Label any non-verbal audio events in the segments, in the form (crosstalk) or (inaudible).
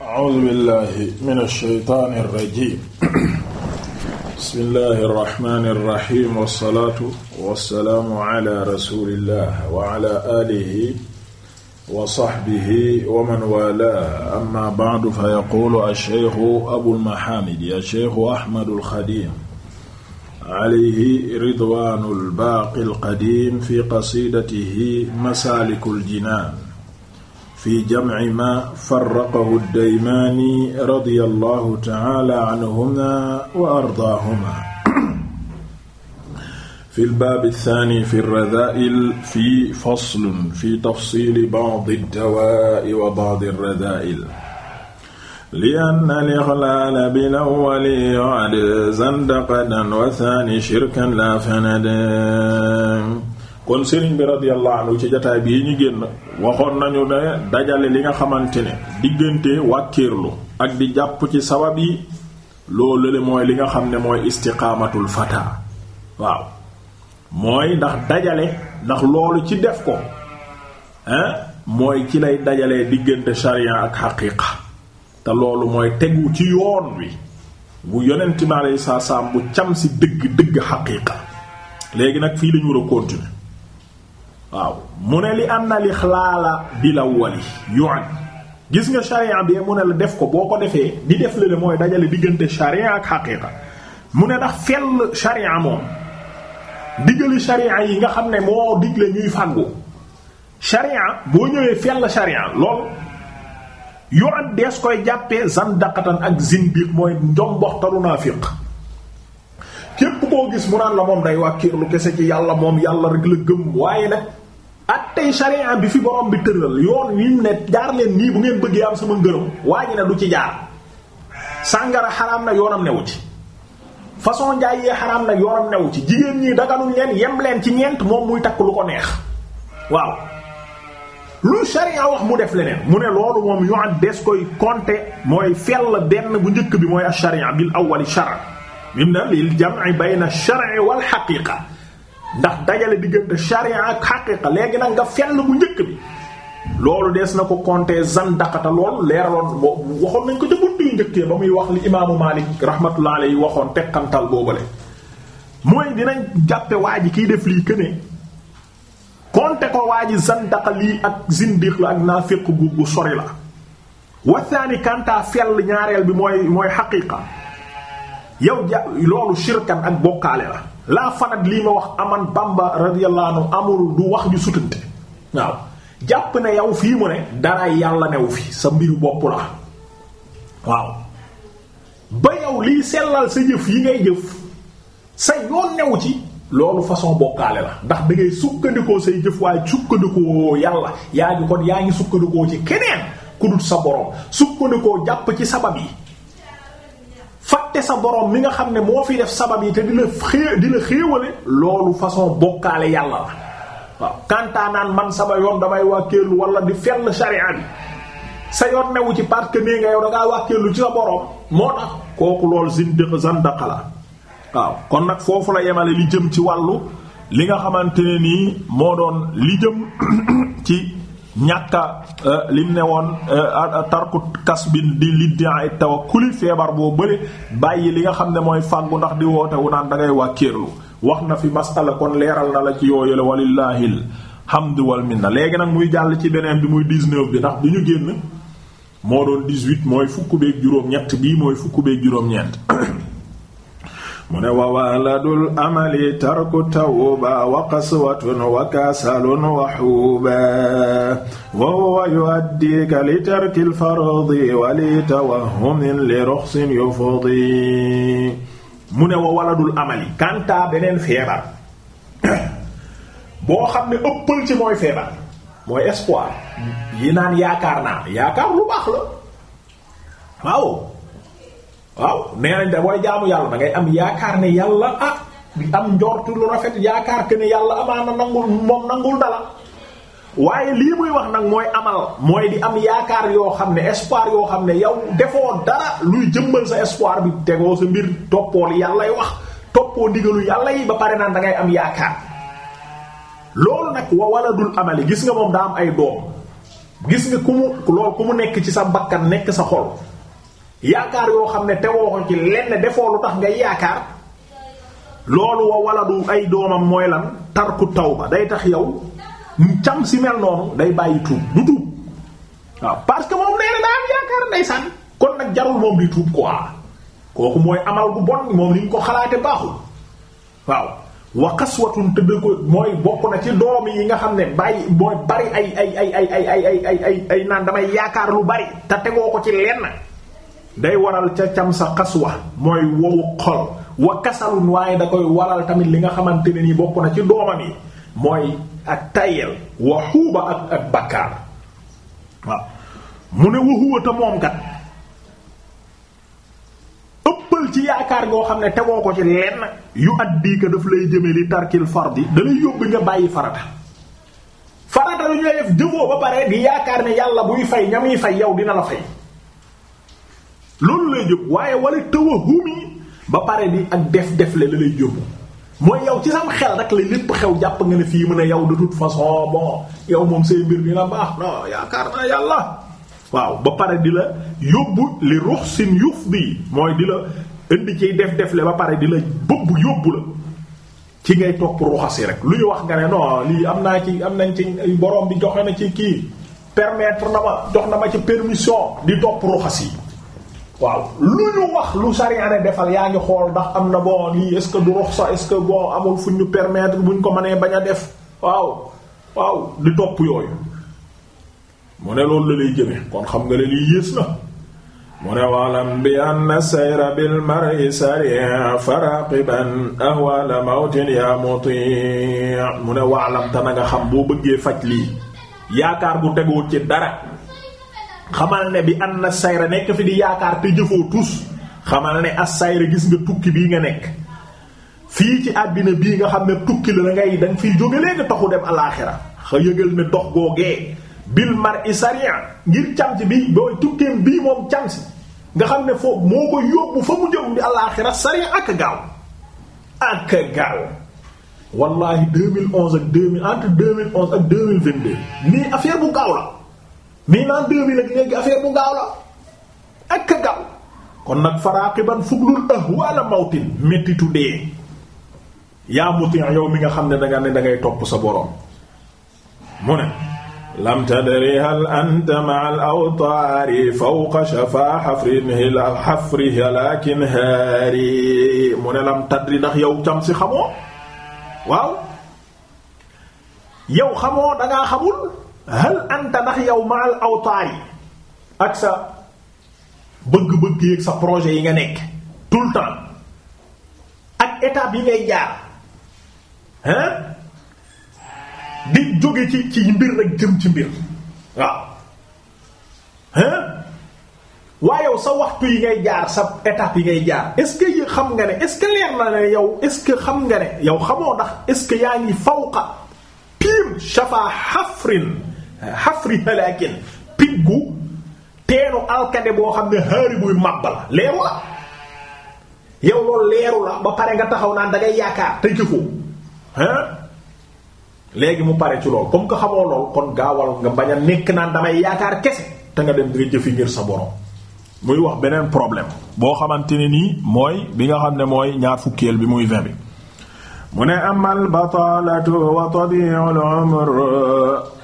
a'uuzu billaahi mina shaytaani rajiim bismillaahi rahmaani rahiim wassalaatu wassalaamu ala rasuulillaah wa ala aalihi wa sahbihi wa man waalaahu ammaa ba'du fa yaquulu ash-shaykhu abul mahaamid ash-shaykhu Ahmadul Xadiim alayhi ridwaanul baaqil qadiim fi qasiidatihi masaalikul jinaan fi jamci ma farraqahu ddaymaani radiyallahu ta'ala anhumaa wa ardaahumaa fi lbaabi thaani fi radaa'il fi faslun fi tafsiili ba'di ddawaa'i wa ba'di radaa'il لأن الإغلال بالأول يعد زندقة وثاني شركا لا فند kon sëriñ bi radiyallahu anhu ci jotaay bi yi ñu génn waxoon nañu ne dajale li nga xamante ne diggante wàkkiirlu ak di jàpp ci sabab yi loolu le mooy li nga xam ne mooy istiqaamatul fata waaw mooy ndax dajale ndax loolu ci def ko hein mooy ci lay dajalee diggante sharia ak xaqiiqa te loolu mooy tegu ci yoon wi bu yonent mi alayhi salaam bu cam si dëgg dëgg xaqiiqa léegi nag fii lañu war a waaw mu ne li am na li xalaala bi yuan gis nga sharia bi mu ne la def ko boo ko defee di def la mooy dajale diggante sharia ak xaqiiqa mu ne ndax fell sharia moom diggali sharia yi nga xam ne moo digle ñuy fàggu sharia boo ñëwee fell sharia lool yuan dees koy jàppee daqatan ak zindiq mooy njomboxtalu fiq képp koo gis mu naan la moom day wàkkiirlu kese ci yàlla moom yàlla rek la gëm waaye nag attey charia bi fi borom bi tëral yoon yi mu ne jaar leen nii bu ngeen bëggee am sama ngërëm waa ji ne du ci jaar sàngara xaraam na yoonam newu ci façon njaay yee xaraam na yoonam newu ci jigéen ñii daganuñ leen yem leen ci ñeent moom muy takk lu ko neex waaw lu charia wax mu def leneen mu ne loolu moom yoon des koy compter mooy fell benn bu njëkk bi mooy ak charia bil awwali shar bi mu mim na lil jam'i bayna shar'i wal xaqiqa ndax dajale diggante sharia ak xaqiqa léegi nag nga fenn bu njëkk bi loolu dees na ko compter zandaqata loolu leeraloon waxoon nañ ko ca buntu yu njëkkee ba muy wax li imaamu Maalik rahmatullah alayhi waxoon teqantal boobale mooy dinañ jàppe waa ji kiy def lii këne compter ko waa ji zandaqa lii ak zindiq la ak naafiq gu gu sori la wasaani kanta fell ñaareel bi mooy mooy xaqiqa yow ja loolu shirkan ak bokkaale la laa fanat lii ma wax aman bamba radiyallahu anhu amul du wax ju sutante waaw jàpp ne yow fii mu ne dara yàlla newu fi sa mbiru bopp la waaw ba yow liy sellal sa jëf yi ngay jëf sa yoon newu ci loolu façon bokkaale la ndax da ngay sukkandikoo say jëf waaye sukkandikoo yàlla yaa ngi kon yaa ngi sukkandikoo ci keneen ku dul sa borom sukkandikoo jàpp ci sabab yi fàtte sa borom mi nga xam ne moo fi def sabab yi te dina la xéewale loolu façon bokkaale yàlla la waaw kantaanaan man sama yoon damay wàkkeelu wala di fenn sharia bi sa yoon newu ci parce que nee nga yow da ngaa wàkkeelu ci sa borom moo tax kooku loolu zindiq zandaqa la waaw kon nag foofu la yemale li jëm ci wàllu li nga xamante ne nii moo doon li jëm (clears throat) ci ñàkka euh, lim ne woon euh, tarku kasbin di liddiay tawakkuli feebar boo bële bàyyi li nga xam ne mooy fàggu ndax di woote wu naan da ngay wàkkeerlu wax na fi masala kon leeral na la ci yooyule walillahil hamdu wal minna léegi nag muy jàll ci beneen bi muy 19 bi ndax bi ñu génn moo doon 18 mooy fukk beeg juróom-ñett bii mooy fukk beeg juróom-ñeent (coughs) mu ne wa wahladul amali tarku tawba wa qaswatun wa kaasalun wa xuuba wa huwa yu'addiika li tarkil fardi wa li tawahhumin li ruxsin yufdi mu ne wa waladul amali kanta beneen feebar boo xam ne ëppal ci mooy feebar mooy espoir yi naan yaakaar naa yaakaar lu baax la waaw waaw nee nañ da booy jaamu yàlla da ngay am yaakaar ne yàlla ah am njortu lu rafet yaakaar que ne yàlla na nangul moom nangul dala waaye lii muy wax nag mooy amal mooy di am yaakaar yoo xam ne espoir yoo xam ne yow defoo dara luy jëmbal sa espoir bi tegoo sa mbir toppool yàllay wax toppoo ndigalu yàlla yi ba pare naan dangay am yaakaar loolu nag wa waladul gis nga moom daa am ay doom gis nga ku mu loolu ku mu nekk ci sa bakkan nekk sa xol yaakaar yoo xam ne tewoo ko ci lenn defoo lu tax nga yaakaar loolu wa wala du ay doomam mooy lan tarku taw tawba day tax yow cam si mel noonu day bàyyi tuub du tuub waaw parce que moom nee na daa am yaakaar ndeysaan kon nag jarul moom di tuub quoi kooku mooy amal bu bon moom li ñu ko xalaate baaxul waaw wa qaswatun tëdd ko mooy bokk na ci doom yi nga xam ne bàyyi mooy bari ay ay ay ay ay ay ay ay ay naan damay yaakaar lu bari te tegoo ko ci lenn day waral ca cam sa xaswa mooy wowu xol wa kasalun waaye da koy waral tamit li nga xamante ne nii bokk na ci doomam yi mooy ak tayel wa xuuba ak ak bakkaar waaw mu ne waxuwa moom kat ëppal ci yaakaar ngoo xam ne tegoo ko ci lenn yu addi ka daf lay jëme li tarkil fardi da lay nga bàyyi farata farata lu ñu jëfoo ba pare di yaakaar ne yàlla buy fay ñamuy fay yow dina la fay loolu lay jóg waaye wala tawahum ba pare di ak def def la lay jóg mooy yow ci sam xel rek la lépp xew jàpp nga ne fii mën a yow de façon bon yow moom say mbir dina nga baax non yaakaar naa yàlla waaw ba pare di la yóbbu li ruux sin yufdi la indi ciy def def ba pare di la bëbb yóbbu la ci ngay topp ruuxasi rek luy wax nga ne non lii am naa ci am nañ ci borom bi joxe na ci kii permettre na ma jox na ma ci permission di topp yi waaw lu ñu wax lu sariya defal yaa ngi xool ndax am na bon lii est-ce que du ruxsa est-ce que bon amul fu ñu bu ñu ko manee bañ a def waaw waaw di topp yooyu mu ne loolu la lay jëme kon xam nga la lii yées na mu ne walam bi ann sayra bil mar'i sari' faraqiban waalam te na nga xam boo bëggee faj lii yaakaar bu tegoo ci dara xamal ne bi an na sayra nekk fi di yaakaar te jëfoo tus xamal ne as sayra gis nga tukki bii nga nekk fii ci àddina bii nga xam ne tukki la ngay da nga fiy jóge léegi taxu dem alaaxira xa yëgal ne dox googee bil mar i sarian ngir cam si bi booy tukkeem bii moom cam nga xam ne foofu moo ko yóbbu fa mu jëm di alaaxira sarian ak gaaw ak gaaw wallahi 2011 ak 2000 entre 2011 ak 2022 nii affaire bu gaaw la mais naan deux bi nag léegi affaire bu gaaw la ak a kon nag faraaqiban fuglul ahwaala mawtin méttitu dee yaa muti yow mi nga xam ne danga dangay topp sa boroom mu ne lam tadri hal anta ma al awtaari fawqa shafa xafrihi xafrihi lakin haari mu ne lam tadri ndax yow cam si xamoo waaw yow xamoo dangaa xamul hal anta ndax yow ma aw awtaar ak sa bëgg-bëgg yeeg sa projet yi nga nekk tout le temps ak étape yi ngay jaar di jóge ci ci mbir rek jëm ci mbir waaw hein waaye yow sa waxtu yi ngay jaar sa étape yi ngay jaar est-ce que yi xam nga ne est-ce que leer na ne yow ce que xam nga ne yow xamoo ndax ce que yaa ngi fawqa tiim shafa xafrin xafri halaakin piggu teenu alkande boo xam ne xaari buy màbb la leeru la yow loolu leeru la ba pare nga taxaw naan da yaakaar te jëfoo ah léegi mu pare ci lool comme que xamoo lool kon gaawal nga bañ a nekk naan damay yaakaar kese te nga dem nga jëfi ngir sa borom muy wax beneen problème boo xamante ne nii mooy bi nga xam ne mooy ñaar fukkeel bi muy vingt bi mu ne amal batalatu wa tadiul umr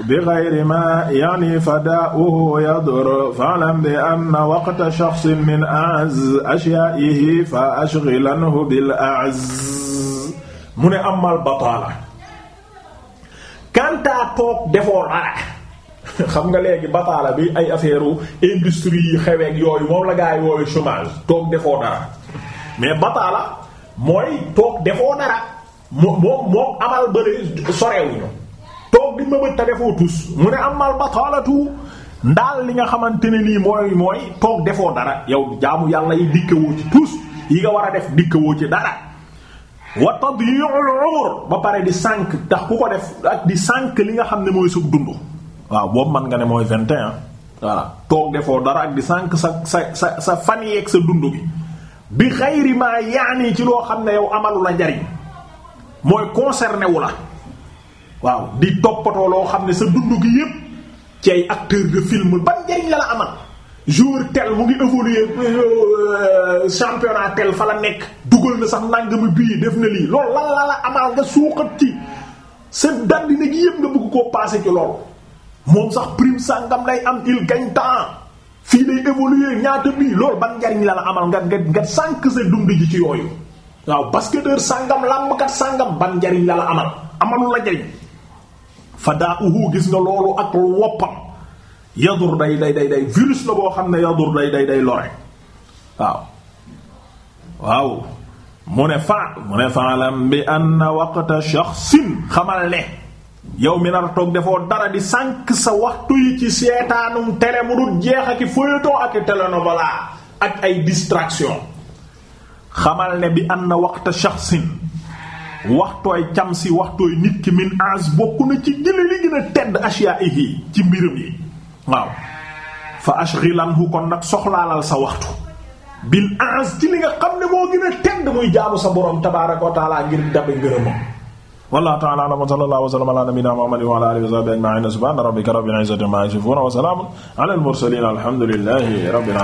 bi gayri ma yani fadaa'uhu yadur fa'lam bi anna waqta shaxsin min a'azz ashyaa'ihi fa ashghilanhu bil a'azz mu ne amal batala kantaa toog defoo dara (laughs) xam nga léegi bataala bi ay affaire industrie yi xeweeg yooyu moom la gaa yi wooyu chômage toog defoo dara mais bataala mooy toog defoo dara moom moom amal bële sorewuñu toog di mëbët te defoo tus mu ne amal bataalatu ndaal li nga xamante ne nii mooy mooy toog defoo dara yow jaamu yàlla yi dikkewoo ci tus yi nga war a def dikkewoo ci dara wa tadyi'ul 'umr ba pare di sànq tax ku ko def ak di sànq li nga xam ne mooy sug dund waaw boobu mën nga ne mooy 21 voilà toog defoo dara ak di sànq sa sa sa sa fan yeeg sa dund bi bi xayri ma yaani ci loo xam ne yow amalu la njariñ mooy concerné wu la waaw di toppatoo loo xam ne sa dund gi yépp ci acteur de film ban njariñ la la amal jour tel mu ngi évoluer euh, championnat tel fa la nekk dugal na sax nangami bii def na lii loolu lan la la amal nga suuxat ci sa dandina gi yépp nga bugg ko passé ci loolu moom sax prime sangam lay am il gagne temps fii lay évoluer ñaata bii lool ban njariñ la la amal nga nga nga sànq sa dund ji ci yooyu waaw basketteur sàngam làmbkat sàngam ban njariñ la la amal amalu la njariñ fa daa uhu gis nga loolu ak woppam yadur day day day virus la boo xam ne yadur day day day lore waaw mu ne fa mu ne faalam bi anna waqta shakhsin xamal ne yow mi nar toog defoo dara di sànq sa waxtu yi ci seetaanum télé mu dul jeex ak i feuilleton ak i télénovela ak ay distraction xamal ne bi anna waxta shaxsin waxtooy cam si waxtooy nit ki min ans bokk na ci jële li gën tedd ashya'ihi ci mbiram yi waaw fa ashghilanhu kon nag soxlaalal sa waxtu bil ans ci li nga xam ne moo gën a tedd muy jaamu sa borom tabaaraka wa taala ngir dabe ngërëmam wallahu ta'ala a'lam wa sallallahu wa sallama ala nabiyyina muhammadin wa ala alihi wa sahbihi ajma'in subhana rabbika rabbil izzati amma yasifun wa salamun ala al mursalin alhamdulillahi rabbil alamin